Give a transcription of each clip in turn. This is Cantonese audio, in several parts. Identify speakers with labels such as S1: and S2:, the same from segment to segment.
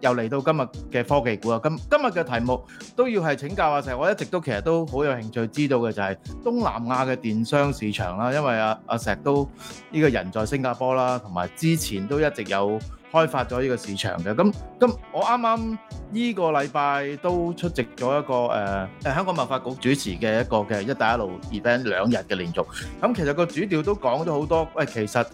S1: 又嚟到今日嘅科技估啊，今今日嘅題目都要係請教阿石，我一直都其實都好有興趣知道嘅就係東南亞嘅電商市場啦，因為阿，阿石都呢個人在新加坡啦，同埋之前都一直有。開發咗呢個市場嘅，咁咁我啱啱呢個禮拜都出席咗一個誒誒香港貿發局主持嘅一個嘅一帶一路 event 兩日嘅連續，咁其實個主調都講咗好多。喂，其實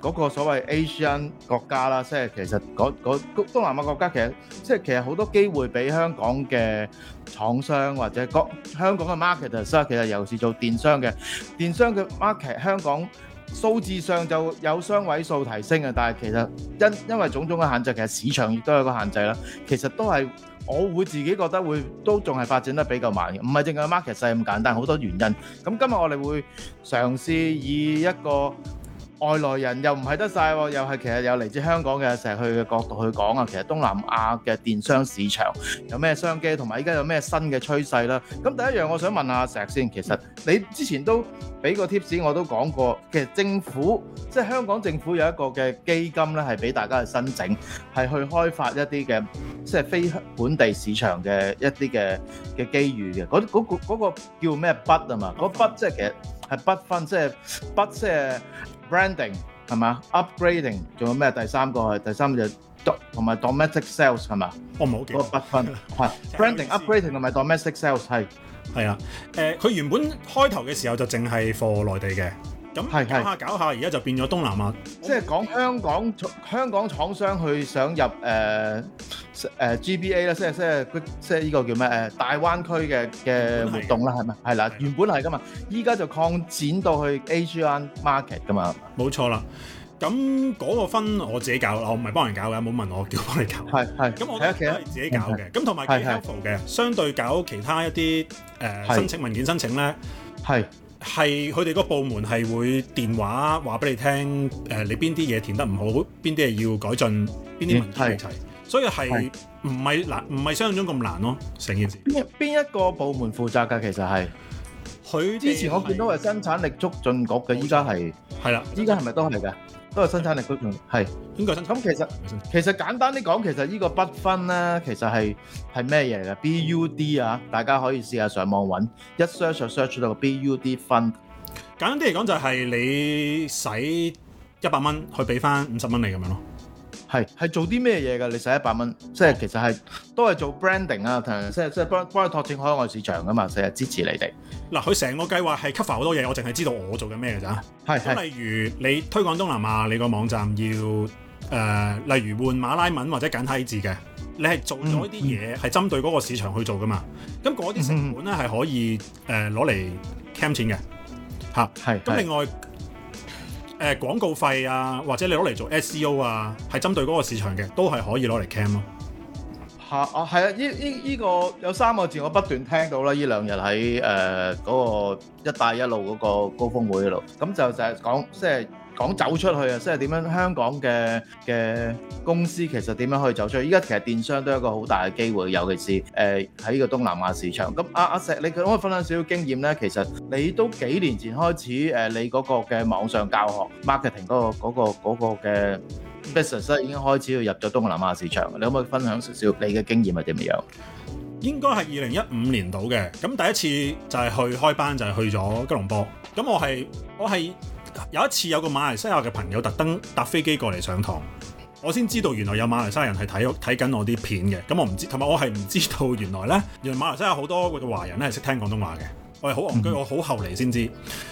S1: 嗰個所謂 Asian 國家啦，即係其實嗰嗰東南亞國家，其實即係其實好多機會俾香港嘅廠商或者港香港嘅 marketers，其實尤其是做電商嘅電商嘅 market 香港。數字上就有雙位數提升啊，但係其實因因為種種嘅限制，其實市場亦都有個限制啦。其實都係我會自己覺得會都仲係發展得比較慢嘅，唔係淨係 market size 咁簡單，好多原因。咁今日我哋會嘗試以一個。外來人又唔係得曬，又係其實有嚟自香港嘅、成日去嘅角度去講啊，其實東南亞嘅電商市場有咩商機，同埋依家有咩新嘅趨勢啦。咁第一樣我想問阿石先，其實你之前都俾個 tips，我都講過，其實政府即係香港政府有一個嘅基金咧，係俾大家去申請，係去開發一啲嘅即係非本地市場嘅一啲嘅嘅機遇嘅。嗰嗰個嗰個叫咩筆啊嘛？嗰筆即係其實係不分，即係筆即係。branding 係嘛，upgrading 仲有咩？第三個係第三個就同埋 domestic sales 係嘛？我唔好點嗰個不分係 branding upgrading
S2: 同埋 domestic sales 係係啊，誒、呃、佢原本開頭嘅時候就淨係貨內地嘅，咁搞下搞下而家就變咗東南亞，
S1: 即係講香港香港廠商去想入誒。呃誒 GBA 啦，即係即係，即係依個叫咩？誒大灣區嘅嘅活動啦，係咪？係啦，原本係噶嘛，依家的就擴展到去
S2: Asian Market 噶嘛。冇錯啦，咁、那、嗰個分我自己搞啦，我唔係幫人搞嘅，冇問我，叫我幫你搞。係係，咁、嗯、我都可以自己搞嘅。咁同埋 c a r e 嘅，相對搞其他一啲誒申請的文件申請咧，係係，佢哋個部門係會電話話俾你聽，誒你邊啲嘢填得唔好，邊啲係要改進，邊啲問題所以係唔係難？唔係相對中咁難咯，成件事。邊一邊個部門負責㗎？其實係佢之前我見到係生產力促
S1: 進局嘅，依家係係啦。依家係咪都係嘅？都係生產力促進係。咁其實其實簡單啲講，其實呢個不分咧，其實係係咩嘢嚟嘅？B U D
S2: 啊，大家可以試下上網揾一 search search 到個 B U D 分。簡單啲嚟講就係你使一百蚊去俾翻五十蚊你咁樣咯。係係做啲咩嘢㗎？你使一百蚊，即係其實係、哦、都係做 branding 啊，即係即係幫幫佢拓展海外市場㗎嘛，成日支持你哋。嗱，佢成個計劃係 cover 好多嘢，我淨係知道我做緊咩㗎咋？係咁係係例如你推廣東南亞，你個網站要誒、呃，例如換馬拉文或者簡體字嘅，你係做咗啲嘢係針對嗰個市場去做㗎嘛？咁嗰啲成本咧係可以誒攞嚟 claim 錢嘅嚇。係、呃。咁係係另外。係係誒、呃、廣告費啊，或者你攞嚟做 SEO 啊，係針對嗰個市場嘅，都係可以攞嚟 cam 咯。嚇，啊！係啊依個、有三個
S1: 字，我不斷聽到啦。依兩日喺、呃嗰個一帶一路嗰個高峰會度，咁就就係講即係講走出去啊，即係點樣香港嘅嘅公司其實點樣可以走出去？依家其實電商都有一個好大嘅機會，尤其是誒喺呢個東南亞市場。咁阿阿石，你可唔可以分享少少經驗咧？其實你都幾年前開始誒，你嗰個嘅網上教學 marketing 嗰個嗰個嗰個嘅 business 已經開始要入咗東南亞市場。你可唔可以分享少少你嘅經驗係點樣？
S2: 應該係二零一五年度嘅，咁第一次就係去開班，就係去咗吉隆坡。咁我係我係。有一次有個馬來西亞嘅朋友特登搭飛機過嚟上堂，我先知道原來有馬來西亞人係睇睇緊我啲片嘅，咁我唔知，同埋我係唔知道原來呢，原來馬來西亞好多嘅華人呢係識聽廣東話嘅。我係好戇居，我好後嚟先知。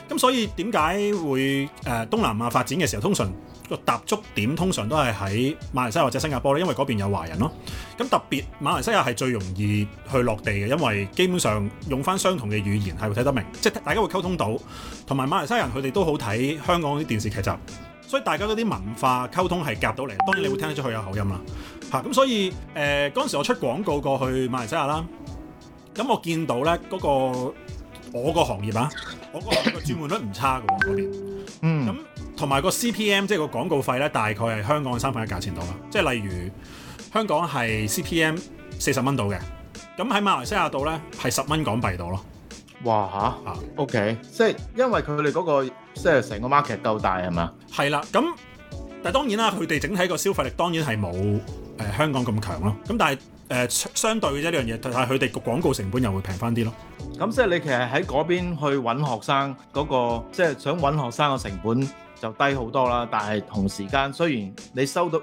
S2: 咁所以點解會誒東南亞發展嘅時候，通常個踏足點通常都係喺馬來西亞或者新加坡咧，因為嗰邊有華人咯。咁特別馬來西亞係最容易去落地嘅，因為基本上用翻相同嘅語言係會睇得明，即係大家會溝通到。同埋馬來西亞人佢哋都好睇香港嗰啲電視劇集，所以大家嗰啲文化溝通係夾到嚟。當然你會聽得出佢有口音啦。嚇，咁所以誒嗰陣時我出廣告過去馬來西亞啦，咁我見到咧嗰個。我個行業啊，我個轉換率唔差嘅喎嗰邊，嗯，
S1: 咁
S2: 同埋個 CPM 即係個廣告費咧，大概係香港嘅三分一價錢度啦，即係例如香港係 CPM 四十蚊度嘅，咁喺馬來西亞度咧係十蚊港幣度咯。哇吓、okay，啊，OK，即係因為佢哋嗰個即係成個 market 夠大係嘛？係啦，咁但係當然啦，佢哋整體個消費力當然係冇誒香港咁強咯，咁但係。誒相對嘅啫，呢樣嘢係佢哋個廣告成本又會平翻啲咯。咁即係你其實喺嗰邊去揾學生嗰、嗰個，即、就、係、是、想
S1: 揾學生嘅成本就低好多啦。但係同時間雖然你收到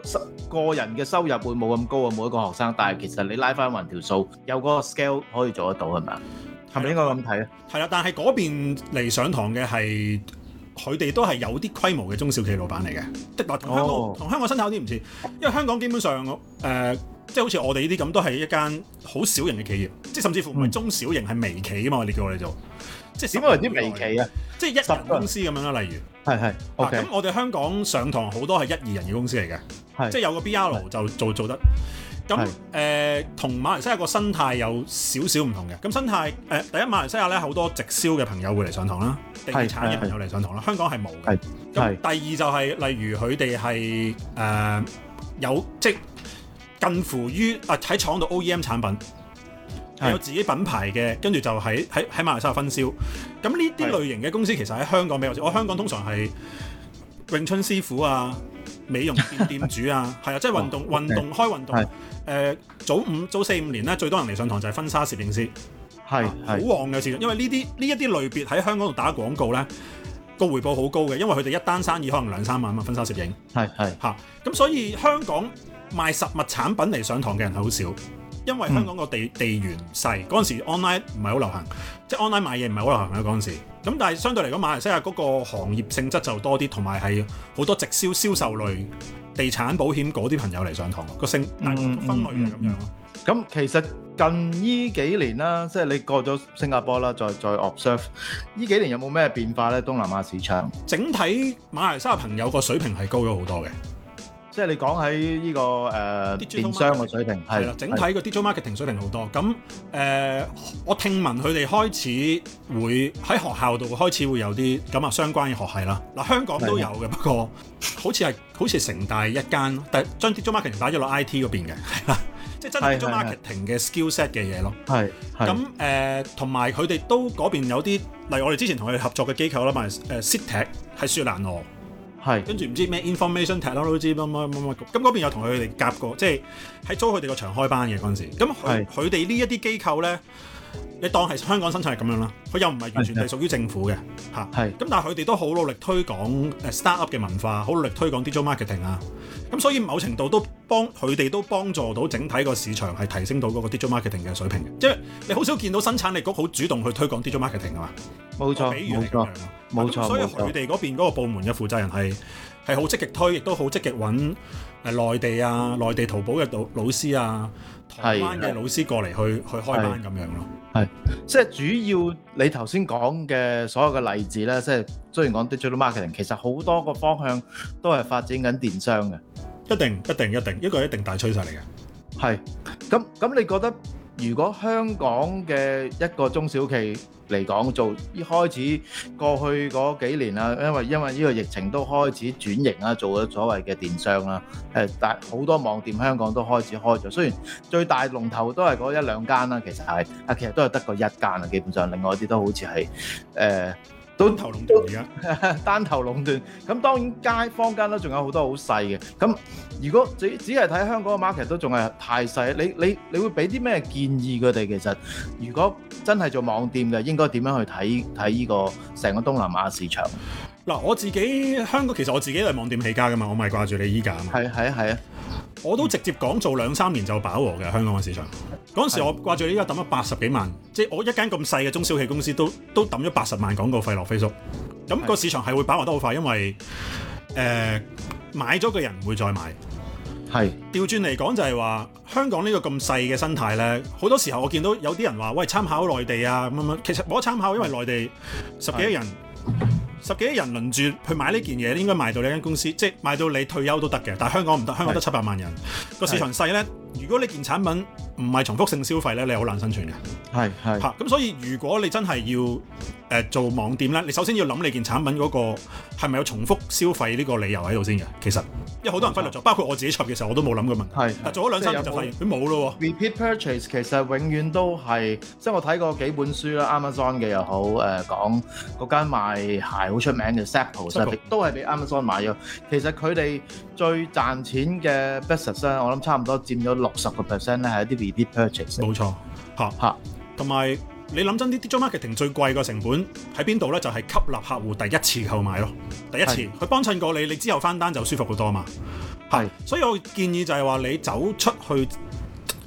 S1: 個個人嘅收入會冇咁高啊，每一個學生，但係其實你拉翻橫條數有個 scale 可以
S2: 做得到係咪啊？係咪的應該咁睇咧？係啦，但係嗰邊嚟上堂嘅係佢哋都係有啲規模嘅中小企老闆嚟嘅，哦、即係同香港同香港生態有啲唔似，因為香港基本上誒。呃即係好似我哋呢啲咁，都係一間好小型嘅企業，即係甚至乎唔係中小型係微企啊嘛！你叫我哋做，即係點解嚟微企啊？即係一人公司咁樣啦，例如係係，咁我哋香港上堂好多係一二人嘅公司嚟嘅，即係有個 BR 就做做得咁誒同馬來西亞個生態有少少唔同嘅。咁生態誒第一馬來西亞咧好多直銷嘅朋友會嚟上堂啦，地產嘅朋友嚟上堂啦，香港係冇嘅。咁第二就係例如佢哋係有即近乎於啊喺廠度 OEM 產品，是的 有自己品牌嘅，跟住就喺喺喺馬來西亞分銷。咁呢啲類型嘅公司其實喺香港比較少。是的 我香港通常係詠春師傅啊、美容店店主啊，係啊， 即、就、係、是、運動、哦、運動 okay. 開運動。誒是的、呃，早五早四五年咧，最多人嚟上堂就係婚紗攝影師，係好是的、啊、旺嘅市場。因為呢啲呢一啲類別喺香港度打廣告咧，個回報好高嘅，因為佢哋一單生意可能兩三萬啊嘛，婚紗攝影係係吓。咁所以香港，賣實物產品嚟上堂嘅人好少，因為香港個地、嗯、地緣細，嗰陣時 online 唔係好流行，即係 online 賣嘢唔係好流行啊嗰陣時。咁但係相對嚟講馬來西亞嗰個行業性質就多啲，同埋係好多直銷銷售類、地產、保險嗰啲朋友嚟上堂，個性大分，分類嘅咁樣。咁、嗯嗯嗯嗯、其實近依幾年啦，
S1: 即係你過咗新加坡啦，再再 observe 依幾年有冇咩變化咧？東南亞市
S2: 場整體馬來西亞嘅朋友個水平係高咗好多嘅。即係你講喺呢個誒電、呃、商嘅水平係啦，是是整體個 digital marketing 水平好多。咁誒、呃，我聽聞佢哋開始會喺學校度開始會有啲咁啊相關嘅學係啦。嗱、呃，香港都有嘅，是的不過好似係好似城大一間，但係將 digital marketing 打咗落 IT 嗰邊嘅，係啦，即係真係 digital marketing 嘅 skill set 嘅嘢咯。係，咁誒同埋佢哋都嗰邊有啲，例如我哋之前同佢哋合作嘅機構啦，咪誒 CityTech 喺雪蘭莪。係，是跟住唔知咩 information technology 乜乜乜咁，嗰邊有同佢哋夾過，即係喺租佢哋個場開班嘅嗰陣時，咁佢哋呢一啲機構咧。你當係香港生產力咁樣啦，佢又唔係完全係屬於政府嘅，嚇。係。咁但係佢哋都好努力推廣 start up 嘅文化，好努力推廣 digital marketing 啊。咁所以某程度都幫佢哋都幫助到整體個市場係提升到嗰個 digital marketing 嘅水平嘅。即係你好少見到生產力局好主動去推廣 digital marketing 啊。冇錯，比如係咁樣囉，冇錯。所以佢哋嗰邊嗰個部門嘅負責人係係好積極推，亦都好積極揾誒內地啊、內地淘寶嘅老老師啊、台灣嘅老師過嚟去的去開班咁樣咯。
S1: 係，即係主要你頭先講嘅所有嘅例子咧，即係雖然講 digital marketing，其實好多個方向都係發展緊電商嘅。一定，一定，一定，一個一定大趨勢嚟嘅。係，咁咁你覺得如果香港嘅一個中小企？嚟講做，一開始過去嗰幾年啊，因為因為呢個疫情都開始轉型啦，做咗所謂嘅電商啦，誒、呃，但好多網店香港都開始開咗，雖然最大龍頭都係嗰一兩間啦，其實係，啊，其實都係得嗰一間啊。基本上，另外啲都好似係誒。呃單頭壟斷而家，單頭壟斷。咁 當然街坊間都仲有好多好細嘅。咁如果只只係睇香港嘅 market，都仲係太細。你你你會俾啲咩建議佢哋？其實如果真係做網店嘅，應該點樣去睇睇依個成個東南亞市場？
S2: 嗱，我自己香港其實我自己都係網店起家噶嘛，我咪掛住你依家。係係係。我都直接講做兩三年就飽和嘅香港嘅市場。嗰陣時我掛住呢依家抌咗八十幾萬，係。即係我一間咁細嘅中小企公司都都抌咗八十萬廣告費落 Facebook。咁個市場係會飽和得好快，因為誒、呃、買咗嘅人唔會再買。係。調轉嚟講就係話香港呢個咁細嘅生態呢，好多時候我見到有啲人話喂，參考內地啊咁樣，其實冇得參考，因為內地十幾億人。十幾億人輪住去買呢件嘢，應該賣到你間公司，即係賣到你退休都得嘅。但係香港唔得，香港得七百萬人，個是的 市場細咧。如果你件產品唔係重複性消費咧，你好難生存嘅。係係吓，咁所以如果你真係要誒、呃、做網店咧，你首先要諗你件產品嗰、嗰個係咪有重複消費呢個理由喺度先嘅。其實，因為好多人忽略咗，錯包括我自己出嘅時候我都冇諗過問，係。係做咗兩三年就發現佢冇咯。Repeat purchase 其實永遠都係，即係
S1: 我睇過幾本書啦，Amazon 嘅又好，誒講間賣鞋好出名嘅、嗯、Zappos，都係俾 Amazon 買咗。其實佢哋最賺錢嘅 business 咧，我諗差唔多佔咗。六十個 percent 咧係一啲 repeat purchase，冇錯嚇嚇，同
S2: 埋、啊、你諗真啲 digital marketing 最貴嘅成本喺邊度咧？就係、是、吸納客戶第一次購買咯，第一次佢幫襯過你，你之後翻單就舒服好多嘛。係是、啊，所以我建議就係話你走出去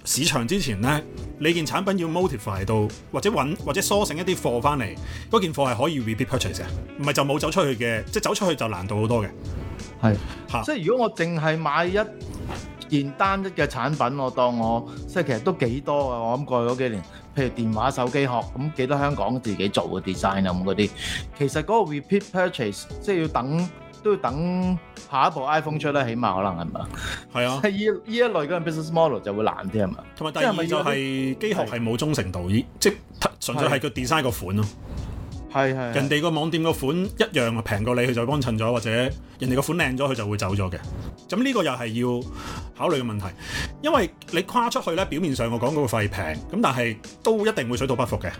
S2: 市場之前咧，你件產品要 motivate 到，或者揾或者梳整一啲貨翻嚟，嗰件貨係可以 repeat purchase 啊，唔係就冇走出去嘅，即走出去就難度好多嘅。係嚇，即如果我淨係買一
S1: 件單一嘅產品，我當我即係其實都幾多啊。我諗過去嗰幾年，譬如電話、手機殼咁，幾多香港自己做嘅 design 啊，咁嗰啲，其實嗰個 repeat purchase 即係要等都要等下一部 iPhone 出咧，起碼可能係嘛？係啊，係呢
S2: 呢一類嘅 business model 就會難啲係嘛？同埋第二就係機殼係冇忠誠度，依即係純粹係個 design 個款咯。係係人哋個網店個款一樣平過你，佢就幫襯咗，或者人哋個款靚咗，佢就會走咗嘅。咁呢個又係要考慮嘅問題，因為你跨出去咧，表面上我講嗰個費平咁，但係都一定會水土不服嘅。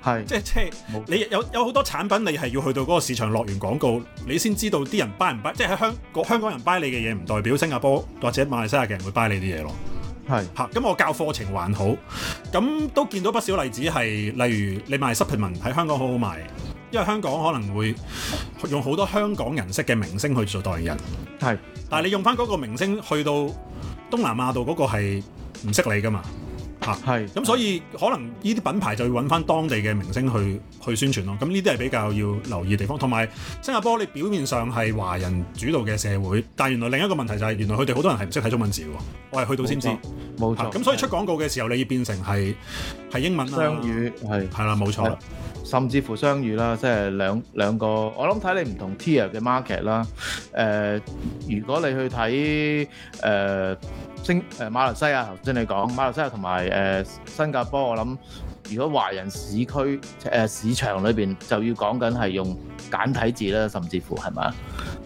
S2: 係是即即係你有有好多產品，你係要去到嗰個市場落完廣告，你先知道啲人 buy 唔 buy，即係喺香港香港人 buy 你嘅嘢，唔代表新加坡或者馬來西亞嘅人會 buy 你啲嘢咯。係，嚇咁我教課程還好，咁都見到不少例子係，例如你賣 Supplement 喺香港好好賣，因為香港可能會用好多香港人識嘅明星去做代言人，是但係你用返嗰個明星去到東南亞度嗰個係唔識你㗎嘛。係，咁是、啊、所以可能呢啲品牌就要揾翻當地嘅明星去去宣傳咯。咁呢啲係比較要留意嘅地方。同埋新加坡，你表面上係華人主導嘅社會，但係原來另一個問題就係原來佢哋好多人係唔識睇中文字喎。我係去到先知，冇錯。咁所以出廣告嘅時候，你要變成係英文啦、啊，雙語係係啦，冇錯。甚至乎相遇啦，即係兩兩個，我諗睇你唔
S1: 同 tier 嘅 market 啦。誒、呃，如果你去睇誒、呃、星誒、呃、馬來西亞，頭先你講馬來西亞同埋誒新加坡，我諗如果華人市區誒、呃、市場裏邊，就要講緊係用簡體字啦，甚至乎係咪？是。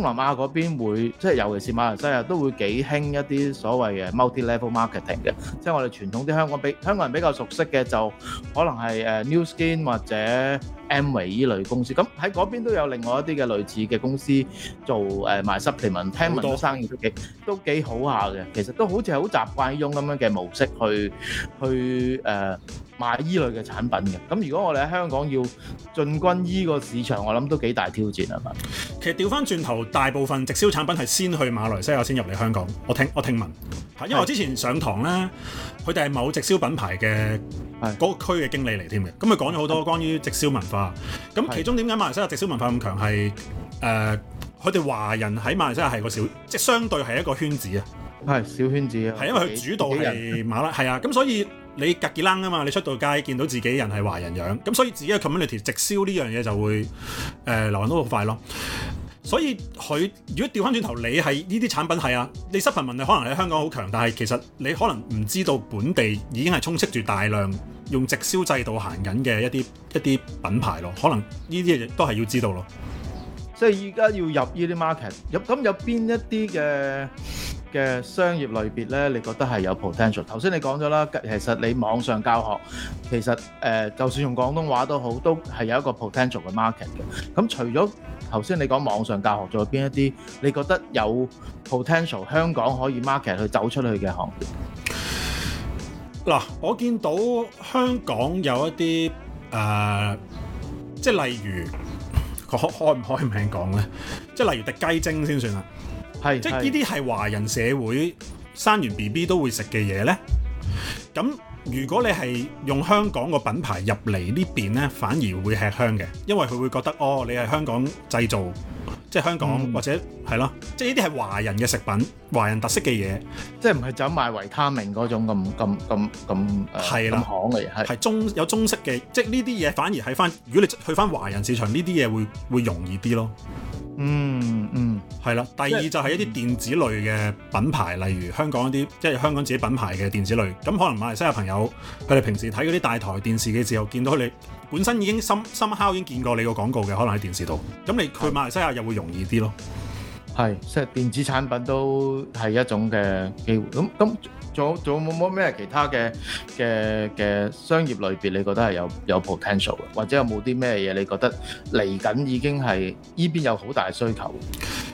S1: 東南亞嗰邊會，即係尤其是馬來西亞都會幾興一啲所謂嘅 multi-level marketing，嘅，即係我哋傳統啲香港比香港人比較熟悉嘅就可能係誒 Nu Skin 或者，M 維依類公司，咁喺嗰邊都有另外一啲嘅類似嘅公司做誒賣、呃、supplement 嘅生意都幾都幾好下嘅，其實都好似係好習慣依種咁樣嘅模式去去誒賣依類嘅產品嘅。咁如果我哋喺香港要進軍依個市場，我諗都幾大挑戰啊嘛。其
S2: 實調翻轉頭，大部分直銷產品係先去馬來西亞先入嚟香港，我聽我聽聞，係因為我之前上堂咧，佢哋係某直銷品牌嘅。嗰個區嘅經理嚟添嘅，咁佢講咗好多關於直銷文化。咁其中點解馬來西亞直銷文化咁強？係誒，呃、佢哋華人喺馬來西亞係個小，即係相對係一個圈子啊。係小圈子是是是啊。係因為佢主導係馬拉，係啊，咁所以你吉吉冷啊嘛，你出到街見到自己人係華人樣，咁所以自己嘅 community 直銷呢樣嘢就會誒、呃、流行都好快咯。所以佢如果掉翻轉頭，你係呢啲產品係啊，你失份問你可能喺香港好強，但係其實你可能唔知道本地已經係充斥住大量用直銷制度行緊嘅一啲一啲品牌咯，可能呢啲嘢都係要知道咯。即係而家要入呢啲 market，入咁有邊一啲嘅
S1: 嘅商業類別咧？你覺得係有 potential？頭先你講咗啦，其實你網上教學其實、呃、就算用廣東話都好，都係有一個 potential 嘅 market 嘅。咁除咗頭先你講網上教學，再邊一啲你覺得有 potential，香
S2: 港可以 market 去走出去嘅行業？嗱，我見到香港有一啲誒，即係例如，我開唔開名講咧？即係例如滴雞精先算啦，係即係呢啲係華人社會生完 BB 都會食嘅嘢咧，咁。如果你係用香港個品牌入嚟呢邊呢，反而會吃香嘅，因為佢會覺得哦，你係香港製造，即係香港、嗯、或者係咯，即係呢啲係華人嘅食品、華人特色嘅嘢，即係唔係走賣維他命嗰種咁咁咁咁誒？係啦，係、呃、行中有中式嘅，即係呢啲嘢反而係翻，如果你去翻華人市場，呢啲嘢會會容易啲咯。嗯嗯，係、嗯、啦。第二就係一啲電子類嘅品牌，例如香港一啲即係香港自己品牌嘅電子類。咁可能馬來西亞朋友佢哋平時睇嗰啲大台電視嘅時候，見到你本身已經深深敲已經見過你個廣告嘅，可能喺電視度。咁你去馬來西亞又會容易啲咯。係，即係電子產品都係
S1: 一種嘅機會。咁咁。仲仲有冇冇咩其他嘅嘅嘅商業類別？你覺得係有有 potential 嘅，或者有冇啲咩嘢？你覺得嚟緊已經係呢邊有好大嘅需求？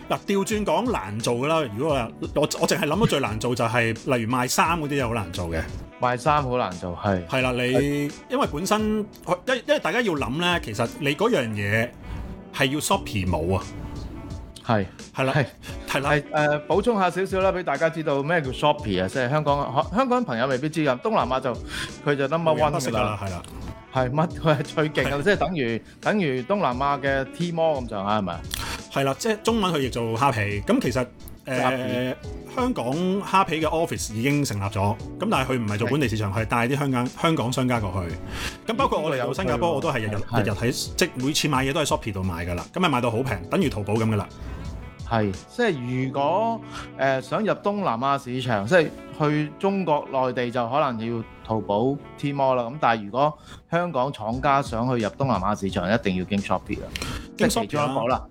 S2: 嗱、啊，調轉講難做㗎啦。如果話我我淨係諗到最難做就係、是、 例如賣衫嗰啲嘢好難做嘅，賣衫好難做係係啦。你是因為本身，因因為大家要諗咧，其實你嗰樣嘢係要 shopper 冇啊，
S1: 係
S2: 係啦。是是係誒、呃，補充下少少啦，俾
S1: 大家知道咩叫 Shopee、e、啊！即、就、係、是、香港香港朋友未必知咁，東南亞就佢就得乜 one 嘅啦，係啦，係乜佢係最勁嘅即係等於等於東南亞嘅 Tmall
S2: 咁上下係咪啊？係啦，即係中文佢亦做蝦皮。咁其實誒、呃、香港蝦皮嘅 office 已經成立咗，咁但係佢唔係做本地市場，係帶啲香港香港商家過去。咁包括我哋由新加坡，我都係日日日日喺即每次買嘢都喺 Shopee 度、e、買嘅啦。咁咪買到好平，等於淘寶咁嘅啦。係，即係如果、呃、想入
S1: 東南亞市場，即係去中國內地就可能要淘寶、Tmall 啦。咁但係如果香港廠家想去入東南亞市場，一定要經 Shopee 啦，即係
S2: 其中一個啦。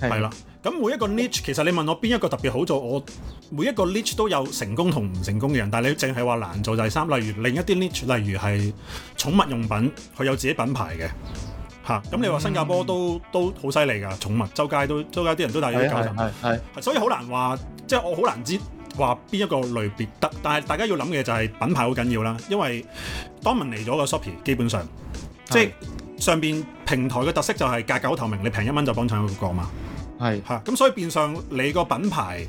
S2: 係啦，咁每一個 niche 其實你問我邊一個特別好做，我每一個 niche 都有成功同唔成功嘅人。但係你淨係話難做第三，例如另一啲 niche，例如係寵物用品，佢有自己品牌嘅。嚇！咁你話新加坡都、嗯、都好犀利㗎，寵物周街都周街啲人都帶住啲狗仔，係所以好難話，即、就、係、是、我好難知話邊一個類別得。但係大家要諗嘅就係品牌好緊要啦，因為 Domin 嚟咗個 Shopee，基本上即係是上邊平台嘅特色就係價格好透明，你平一蚊就幫襯嗰個嘛。係嚇是，咁所以變相你個品牌，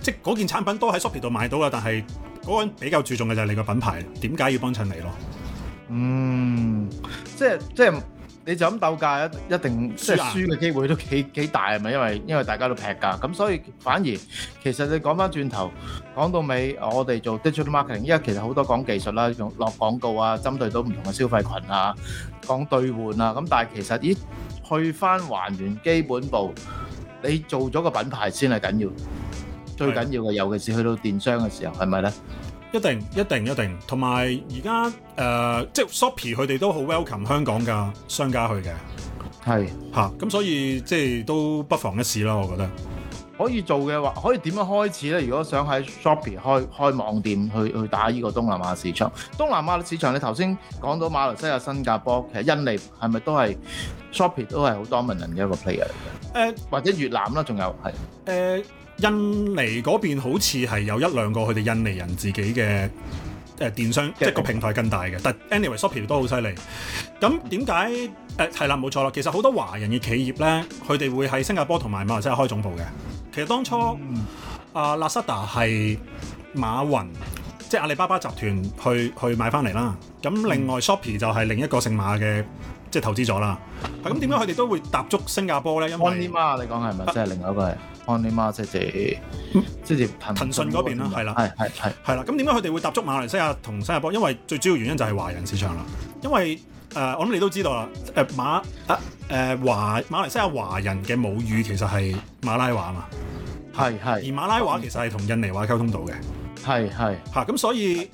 S2: 即係嗰件產品都喺 Shopee 度買到㗎，但係嗰個人比較注重嘅就係你個品牌，點解要幫襯你咯？嗯，
S1: 即係即
S2: 係。你就咁鬥價一一定即係輸嘅機
S1: 會都幾幾大係咪？因為因為大家都劈㗎，咁所以反而其實你講翻轉頭講到尾，我哋做 digital marketing，因為其實好多講技術啦，落廣告啊，針對到唔同嘅消費群啊，講兌換啊，咁但係其實咦去翻還原基本步，你做咗個品牌先係緊要，最緊要嘅，尤其是去到電商嘅時候，係咪咧？
S2: 一定一定一定，同埋而家誒，即係 Shopee 佢哋都好 welcome 香港嘅商家去嘅，係嚇是，咁、啊、所以即係都不妨一試啦，我覺得。可以做嘅話，可以點樣開始咧？如果想喺
S1: Shopee 開開網店去，去去打呢個東南亞市場。東南亞市場，你頭先講到馬來西亞、新加坡，其實印尼係咪都係 Shopee 都係好 dominant 嘅一個 player
S2: 嚟嘅？誒、呃，或者越南啦，仲有係誒。印尼嗰邊好似係有一兩個佢哋印尼人自己嘅誒、呃、電商，Yeah. 即係個平台更大嘅。但 anyway，Shopee 都、e、好犀利。咁點解誒係啦，冇、呃、錯啦。其實好多華人嘅企業咧，佢哋會喺新加坡同埋馬來西亞開總部嘅。其實當初啊 Lazada 係馬雲。即係阿里巴巴集團去去買翻嚟啦，咁另外 Shopee 就係另一個姓馬嘅，即係投資咗啦。咁點解佢哋都會踏足新加坡咧？因為 Anima 你講係咪即係另一個係？Anima 即係即係騰、嗯、騰訊嗰邊啦，係啦，係係係。係啦，咁點解佢哋會踏足馬來西亞同新加坡？因為最主要原因就係華人市場啦。因為誒、呃，我諗你都知道啦，誒、呃、馬啊，誒、呃、華馬來西亞華人嘅母語其實係馬拉話嘛，係係。是而馬拉話其實係同印尼話溝通到嘅。係係嚇，咁所以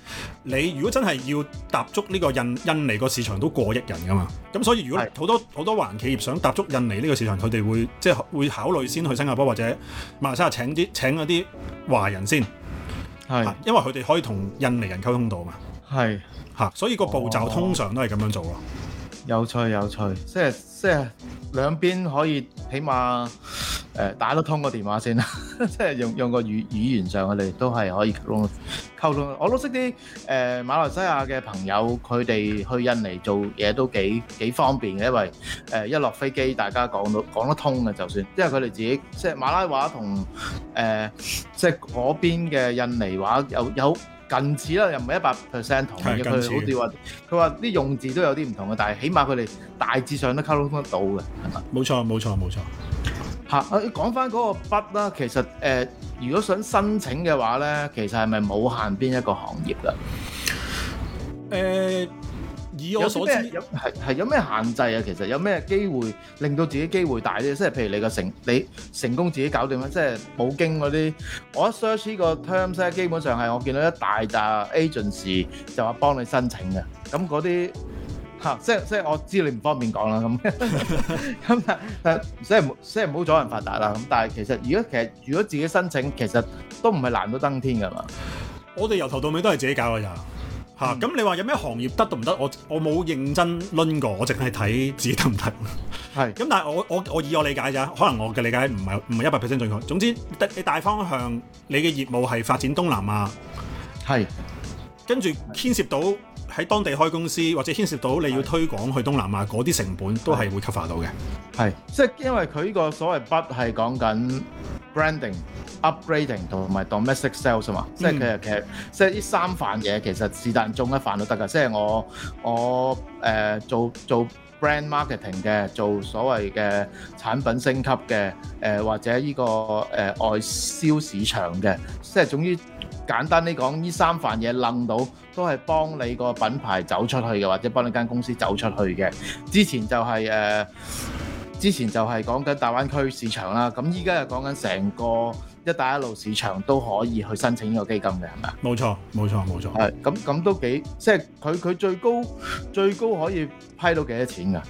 S2: 你如果真係要踏足呢個印印尼個市場，都過億人噶嘛。咁所以如果好多好是多華人企業想踏足印尼呢個市場，佢哋會即係會考慮先去新加坡或者馬來西亞請啲請嗰啲華人先，係是，因為佢哋可以同印尼人溝通到嘛，係嚇是，所以個步驟通常都係咁樣做咯。有趣有趣，即係即係兩邊可以
S1: 起碼誒打得通個電話先啦，即係用用個語語言上，我哋都係可以溝溝通。我都識啲誒馬來西亞嘅朋友，佢哋去印尼做嘢都幾幾方便嘅，因為誒一落飛機，大家講到講得通嘅，就算，因為佢哋自己即係馬拉話同誒即係嗰邊嘅印尼話有有。近似啦，又唔係一百 percent 同嘅。佢對好似話，佢話啲用字都有啲唔同嘅，但係起碼佢哋大致上都溝通得到嘅。係嘛？冇錯，冇錯，冇錯。嚇！講返嗰個筆啦，其實誒、呃，如果想申請嘅話咧，其實係咪冇限邊一個行業咧？誒、呃。
S2: 以我所知，
S1: 係係有咩限制啊？其實有咩機會令到自己機會大啲？即係譬如你個成，你成功自己搞掂啦。即係冇經嗰啲，我一 search 呢個 terms 咧，基本上係我見到一大扎 agency 就話幫你申請嘅。咁嗰啲嚇，即係即係我知你唔方便講啦。咁咁即係即係唔好阻人發達啦。咁但係其實如果其實如果自己申請，其實都唔係難到登
S2: 天㗎嘛。我哋由頭到尾都係自己搞㗎咋。嚇！咁、嗯啊、你話有咩行業得得唔得？我我冇認真論過，我淨係睇自己得唔得。係。咁但係我我我以我理解咋，可能我嘅理解唔係唔係一百 percent 準確。總之，大你大方向，你嘅業務係發展東南亞。係是。跟住牽涉到喺當地開公司，或者牽涉到你要推廣去東南亞嗰啲是成本都係係，都係會 cover 到嘅。係。即係因為佢
S1: 呢個所謂不係講緊。branding、brand upgrading 同埋 domestic sales 啊、right？嘛、嗯，即係佢係其實，即係呢三範嘢，其實是但中一範都得㗎。即係我我誒、呃、做做 brand marketing 嘅，做所謂嘅產品升級嘅誒、呃、或者呢、這個誒、呃、外銷市場嘅，即係總之簡單啲講呢三範嘢冧到都係幫你個品牌走出去嘅，或者幫你間公司走出去嘅。之前就係、是、誒。呃之前就係講緊大灣區市場啦，咁依家又講緊成個一帶一路市場都可以去申請呢個基金嘅，係咪？冇錯，冇錯，冇錯。係咁咁都幾，即係佢佢最高
S2: 最高可以批到幾多錢㗎？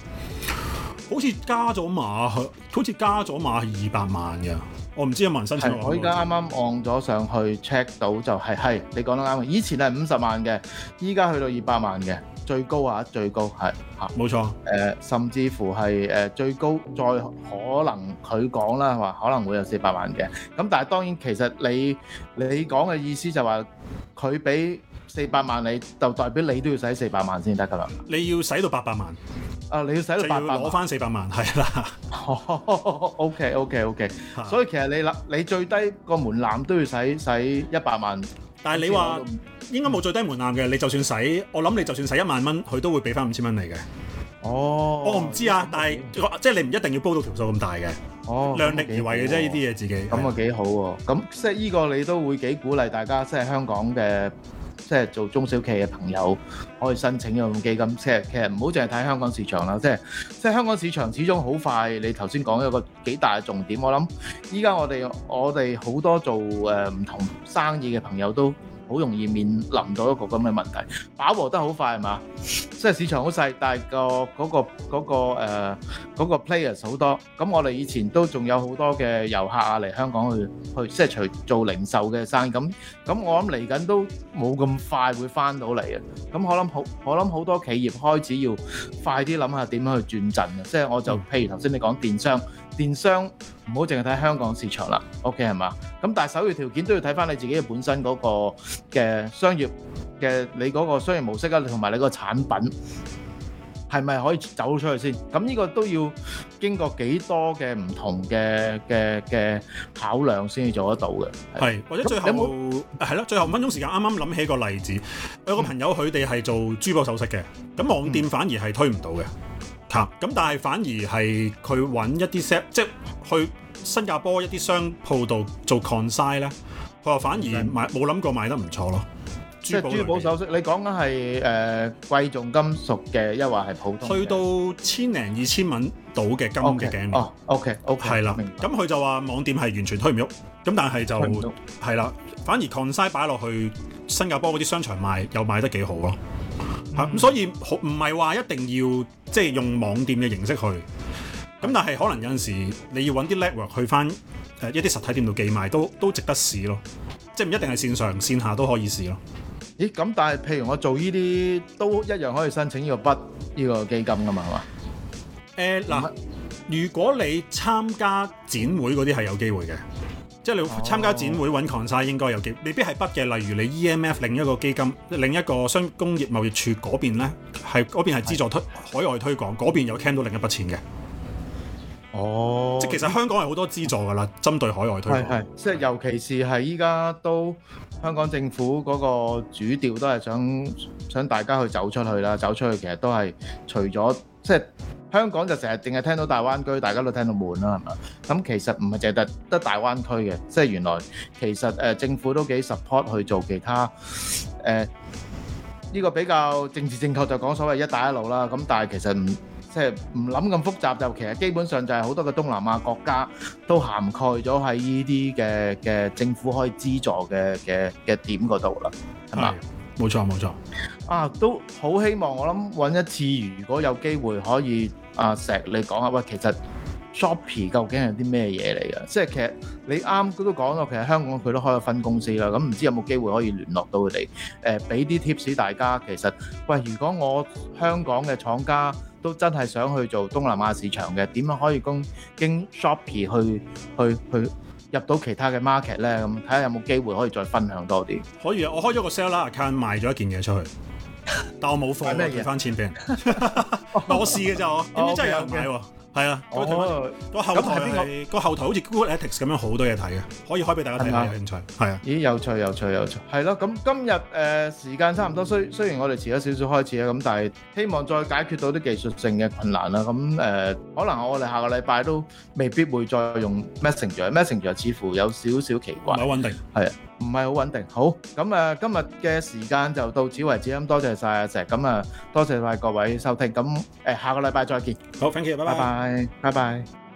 S2: 好似加咗碼，好似加咗碼係二百萬嘅。我唔知有冇人申請係。我依家啱啱按咗上去 check
S1: 到就係、係、係，你講得啱，以前係五十萬嘅，依家去到二百萬嘅。最高啊！最高係吓，冇錯。誒，甚至乎係誒最高，再可能佢講啦，話可能會有四百萬嘅。咁但係當然，其實你你講嘅意思就話，佢俾四百萬你，就代表你都要使四百萬先得㗎啦。
S2: 你要使到八百萬啊！你要使到八百萬，攞翻四百萬係
S1: 啦。
S2: OK OK OK，所以其實你啦，你最低個門檻都要使使一百萬。但係你話應該冇最低門檻嘅，嗯、你就算使，我諗你就算使一萬蚊，佢都會俾翻五千蚊你嘅。哦，我唔知啊，但係即係你唔一定要煲到條數咁大嘅。
S1: 哦，量力而為嘅啫，呢啲嘢自己。咁啊幾是好喎、啊，咁
S2: 即係呢個你都會幾鼓勵
S1: 大家，即係香港嘅。即係做中小企嘅朋友可以申請用基金，即係其實唔好淨係睇香港市場啦，即係即係香港市場始終好快。你頭先講一個幾大嘅重點，我諗而家我哋我哋好多做誒唔同生意嘅朋友都。好容易面臨到一個咁嘅問題，飽和得好快係嘛？即係市場好細，但係、個嗰、個嗰、個嗰、呃嗰個、player 好多。咁我哋以前都仲有好多嘅遊客啊嚟香港去去，即係除做零售嘅生意。咁咁我諗嚟緊都冇咁快會翻到嚟啊。咁我諗好，我諗好多企業開始要快啲諗下點樣去轉陣啊。即係我就、嗯、譬如頭先你講電商。電商唔好淨係睇香港市場啦，OK 係嘛？咁但係首要條件都要睇翻你自己嘅本身嗰個嘅商業嘅你嗰個商業模式啊，同埋你個產品係咪可以走出去先？咁呢個都要經過幾多嘅唔
S2: 同嘅嘅嘅考量先至做得到嘅。係，或者最後係咯，最後五分鐘時間，啱啱諗起一個例子，我有個朋友佢哋係做珠寶首飾嘅，咁網店反而係推唔到嘅。嗯嗯咁、嗯、但係反而係佢揾一啲 set，即係去新加坡一啲商鋪度做 consign 咧，佢又反而買冇諗過賣得唔錯咯。是珠寶首飾，你講緊係誒貴重金屬嘅，抑或係普通？去到千零二千蚊到嘅金嘅鏡面。哦，OK，OK。係啦，咁佢就話網店係完全推唔喐，咁但係就係啦，反而 consign 擺落去新加坡嗰啲商場賣，又賣得幾好咯。咁、嗯、所以好唔係話一定要即係用網店嘅形式去，咁但係可能有陣時你要揾啲 network 去翻誒一啲實體店度寄賣都都值得試咯，即係唔一定係線上線下都可以試咯。咦咁但係譬如我做呢啲都一樣可以申請呢個
S1: 筆呢、呢個基金㗎嘛係嘛？
S2: 誒嗱、呃嗯，如果你參加展會嗰啲係有機會嘅。即係你參加展會揾晒、哦、應該有幾未必係筆嘅，例如你 EMF 另一個基金、另一個商工業貿易處嗰邊咧，係嗰邊係資助推的海外推廣，嗰邊有聽到另一筆錢嘅。哦，即係其實香港係好多資助㗎啦，針對海外推廣。係係。即係尤其是係依家都
S1: 香港政府嗰個主調都係想想大家去走出去啦，走出去其實都係除咗即。香港就成日淨係聽到大灣區，大家都聽到悶啦，係咪？咁其實唔係淨係得得大灣區嘅，即係原來其實誒、呃、政府都幾 support 去做其他誒呢、呃呢個比較政治正確就講所謂一帶一路啦。咁但係其實唔即係唔諗咁複雜，就其實基本上就係好多嘅東南亞國家都涵蓋咗喺呢啲嘅嘅政府可以資助嘅嘅嘅點嗰度啦，係咪？
S2: 冇錯，冇錯。
S1: 啊，都好希望我諗揾一次，如果有機會可以阿石你講下喂，其實 Shoppy 究竟係啲咩嘢嚟嘅？即係其實你啱都講到，其實香港佢都開咗分公司啦。咁唔知有冇機會可以聯絡到佢哋？誒，俾啲 tips 大家。其實喂，如果我香港嘅廠家都真係想去做東南亞市場嘅，點樣可以供經 Shoppy 去去去入到其他嘅 market 咧？咁睇下有冇機會可以再分享多
S2: 啲。可以啊，我開咗個 seller account 賣咗一件嘢出去。 但我冇貨，咩賠翻錢俾人。前 我試嘅就我，點知真係有人買係啊，個後台，邊個，個後台好似 Google Analytics 咁樣好多嘢睇啊，可以開俾大家睇下，有興趣。
S1: 係啊，咦！有趣，有趣，有趣。係咯，咁今日誒時間差唔多，雖雖然我哋遲咗少少開始啊，咁但係希望再解決到啲技術性嘅困難啦。咁誒，可能我哋下個禮拜都未必會再用 Messenger，Messenger 似乎有少少奇怪，唔係好穩定。係啊，唔係好穩定。好，咁誒今日嘅時間就到此為止，咁多謝曬阿石，咁啊多謝曬各位收聽，咁誒下個禮拜再見。好，thank you，拜拜。拜拜。